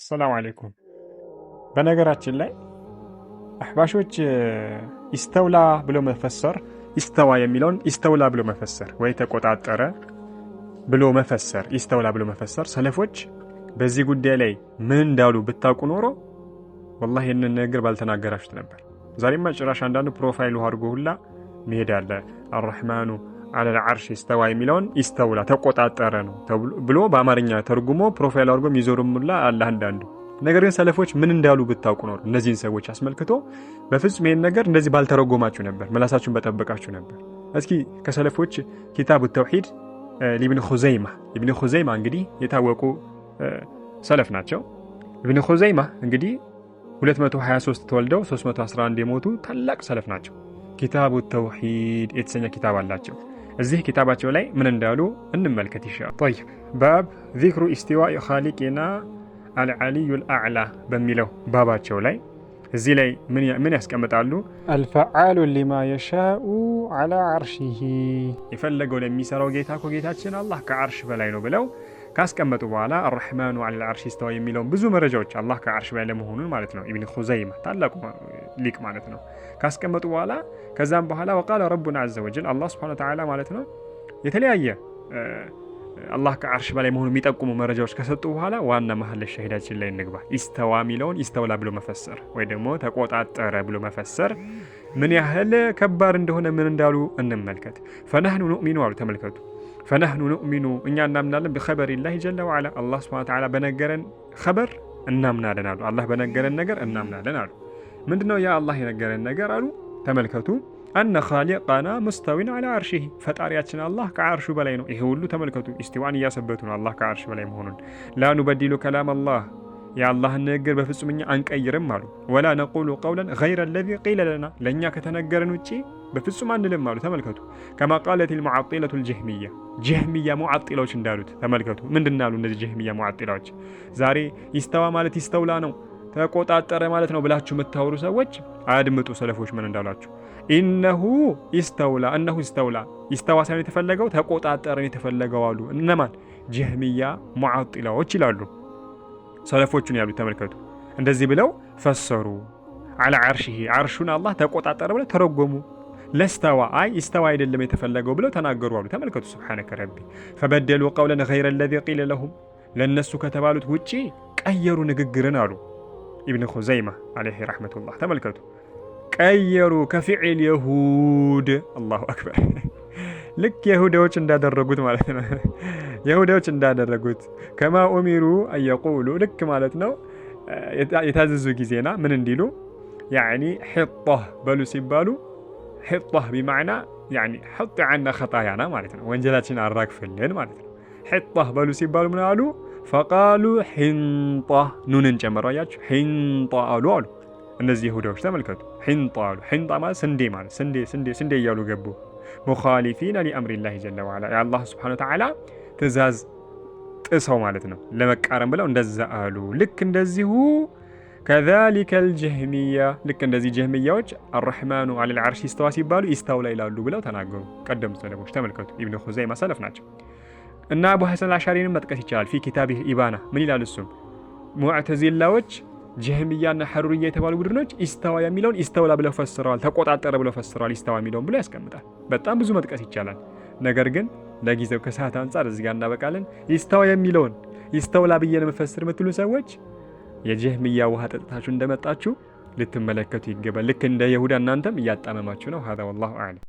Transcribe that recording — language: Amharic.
አሰላሙ አሌይኩም። በነገራችን ላይ አሕባሾች ኢስተውላ ብሎ መፈሰር ኢስተዋ የሚለውን ኢስተውላ ብሎ መፈሰር ወይ ተቆጣጠረ ብሎ መፈሰር ኢስተውላ ብሎ መፈሰር ሰለፎች በዚህ ጉዳይ ላይ ምን እንዳሉ ብታውቁ ኖሮ ወላሂ ይህንን ነገር ባልተናገራችሁት ነበር። ዛሬማ ጭራሽ አንዳንዱ ፕሮፋይል አድርጎ ሁላ መሄድ አለ አረሕማኑ አለል አርሽ ስተዋ የሚለውን ይስተውላ ተቆጣጠረ ነው ብሎ በአማርኛ ተርጉሞ ፕሮፋይል አድርጎ የሚዞርሙላ አለ አንዳንዱ። ነገር ግን ሰለፎች ምን እንዳሉ ብታውቁ ኖሮ እነዚህን ሰዎች አስመልክቶ በፍጹም ይህን ነገር እንደዚህ ባልተረጎማችሁ ነበር፣ መላሳችሁን በጠበቃችሁ ነበር። እስኪ ከሰለፎች ኪታቡ ተውሂድ ኢብን ኹዘይማ ኢብን ኹዘይማ እንግዲህ የታወቁ ሰለፍ ናቸው። ኢብን ኹዘይማ እንግዲህ 223 ተወልደው 311 የሞቱ ታላቅ ሰለፍ ናቸው። ኪታቡ ተውሂድ የተሰኘ ኪታብ አላቸው። እዚህ ኪታባቸው ላይ ምን እንዳሉ እንመልከት ይሻል። ጠይብ ባብ ዚክሩ ኢስቲዋኢ ኻሊቂና አልዓሊዩል አዕላ በሚለው ባባቸው ላይ እዚህ ላይ ምን ያስቀምጣሉ? አልፈዓሉ ሊማ የሻኡ አላ አርሺሂ የፈለገው ለሚሰራው ጌታ ኮ ጌታችን አላህ ከአርሽ በላይ ነው ብለው ካስቀመጡ በኋላ አርሕማኑ አላ አርሺ ስተዋ የሚለውን ብዙ መረጃዎች አላህ ከአርሽ በላይ ለመሆኑን ማለት ነው ኢብን ኹዘይማ ታላቁ ሊቅ ማለት ነው ካስቀመጡ በኋላ ከዛም በኋላ ወቃለ ረቡና አዘ ወጀል አላህ ስብሐነ ወተዓላ ማለት ነው የተለያየ አላህ ከአርሽ በላይ መሆኑ የሚጠቁሙ መረጃዎች ከሰጡ በኋላ ዋና መሀል ሻሂዳችን ላይ እንግባ። ኢስተዋ የሚለውን ኢስተውላ ብሎ መፈሰር ወይ ደግሞ ተቆጣጠረ ብሎ መፈሰር ምን ያህል ከባድ እንደሆነ ምን እንዳሉ እንመልከት። ፈናህኑ ኑእሚኑ አሉ። ተመልከቱ። ፈናህኑ ኑእሚኑ እኛ እናምናለን ብኸበሪላሂ ጀለ ወዓላ አላህ ሱብሓነሁ ወተዓላ በነገረን ኸበር እናምናለን አሉ። አላህ በነገረን ነገር እናምናለን አሉ። ምንድነው የአላህ የነገረን ነገር አሉ። ተመልከቱ አነ ኻሊቃና ሙስተዊን አላ አርሺህ ፈጣሪያችን አላህ ከአርሹ በላይ ነው። ይሄ ሁሉ ተመልከቱ ኢስቲዋን እያሰበቱ ነው አላህ ከአርሹ በላይ መሆኑን። ላኑበዲሉ ከላም አላህ የአላህን ንግግር በፍጹም እኛ አንቀይርም አሉ። ወላ ነቁሉ ቀውለን ገይረ ለዚ ቂለ ለና ለእኛ ከተነገረን ውጪ በፍጹም አንልም አሉ። ተመልከቱ ከማ ቃለት ልሙዓጢለቱ ልጀህሚያ ጀህሚያ ሙዓጢላዎች እንዳሉት ተመልከቱ። ምንድናሉ እነዚህ ጀህሚያ ሙዓጢላዎች? ዛሬ ይስተዋ ማለት ይስተውላ ነው ተቆጣጠረ ማለት ነው ብላችሁ የምታወሩ ሰዎች አድምጡ፣ ሰለፎች ምን እንዳሏችሁ። ኢነሁ ኢስተውላ እነሁ ኢስተውላ ኢስተዋ ሳይሆን የተፈለገው ተቆጣጠረን የተፈለገው አሉ። እነማን ጀህሚያ ሙዓጢላዎች ይላሉ። ሰለፎቹን ያሉ ተመልከቱ። እንደዚህ ብለው ፈሰሩ። አላ ዓርሺሂ ዓርሹን አላህ ተቆጣጠረ ብለው ተረጎሙ። ለስተዋ አይ ኢስተዋ አይደለም የተፈለገው ብለው ተናገሩ አሉ። ተመልከቱ። ስብሓነከ ረቢ ፈበደሉ ቀውለን ገይረ ለዚ ቂለ ለሁም ለእነሱ ከተባሉት ውጪ ቀየሩ ንግግርን አሉ። ኢብን ኹዘይማ ዓለይህ ረሕመቱላህ ተመልከቱ። ቀየሩ ከፊዕል የሁድ አላሁ አክበር። ልክ የሁዳዎች እንዳደረጉት ማለት ነው። የሁዳዎች እንዳደረጉት ከማ ኡሚሩ አየቁሉ ልክ ማለት ነው የታዘዙ ጊዜና ምን እንዲሉ ያኒ ሕጧህ በሉ ሲባሉ ሕጧህ ቢማዕና ሕጥ ዓና ኸጣያና ማለት ነው ወንጀላችን አራግፍልን ማለት ነው። ሕጧህ በሉ ሲባሉ ምን አሉ? ፈቃሉ ሒንጣ ኑንን ጨምረው አያችሁ፣ ሒንጣ አሉ አሉ። እነዚህ ይሁዳዎች ተመልከቱ፣ ሒንጣ አሉ። ሒንጣ ማለት ስንዴ ማለት ስንዴ ስንዴ ስንዴ እያሉ ገቡ። ሙኻሊፊነ ሊአምሪላሂ ጀለ ዋላ የአላህ ስብሓነ ወተዓላ ትእዛዝ ጥሰው ማለት ነው። ለመቃረም ብለው እንደዛ አሉ። ልክ እንደዚሁ ከዛሊከ ልጀህሚያ ልክ እንደዚህ ጀህሚያዎች አረሕማኑ አለል ዓርሽ ይስተዋ ሲባሉ ይስታው ላይ ላሉ ብለው ተናገሩ። ቀደም ሰለፎች ተመልከቱ። ኢብኑ ኹዘይማ ሰለፍ ናቸው። እና አቡ ሐሰን አሻሪንም መጥቀስ ይቻላል። ፊ ኪታብ ኢባና ምን ይላል? እሱም ሙዕተዚላዎች፣ ጀህምያና ሐሩርያ የተባሉ ቡድኖች ኢስተዋ የሚለውን ኢስተውላ ብለው ፈስረዋል፣ ተቆጣጠረ ብለው ፈስረዋል። ኢስተዋ የሚለውን ብሎ ያስቀምጣል። በጣም ብዙ መጥቀስ ይቻላል። ነገር ግን ለጊዜው ከሰዓት አንጻር እዚጋ እናበቃለን። ኢስተዋ የሚለውን ኢስተውላ ብዬ ለመፈስር የምትሉ ሰዎች የጀህምያ ውሃ ጠጥታችሁ እንደመጣችሁ ልትመለከቱ ይገባል። ልክ እንደ ይሁዳ እናንተም እያጣመማችሁ ነው። ሀዛ ወላሁ አለም።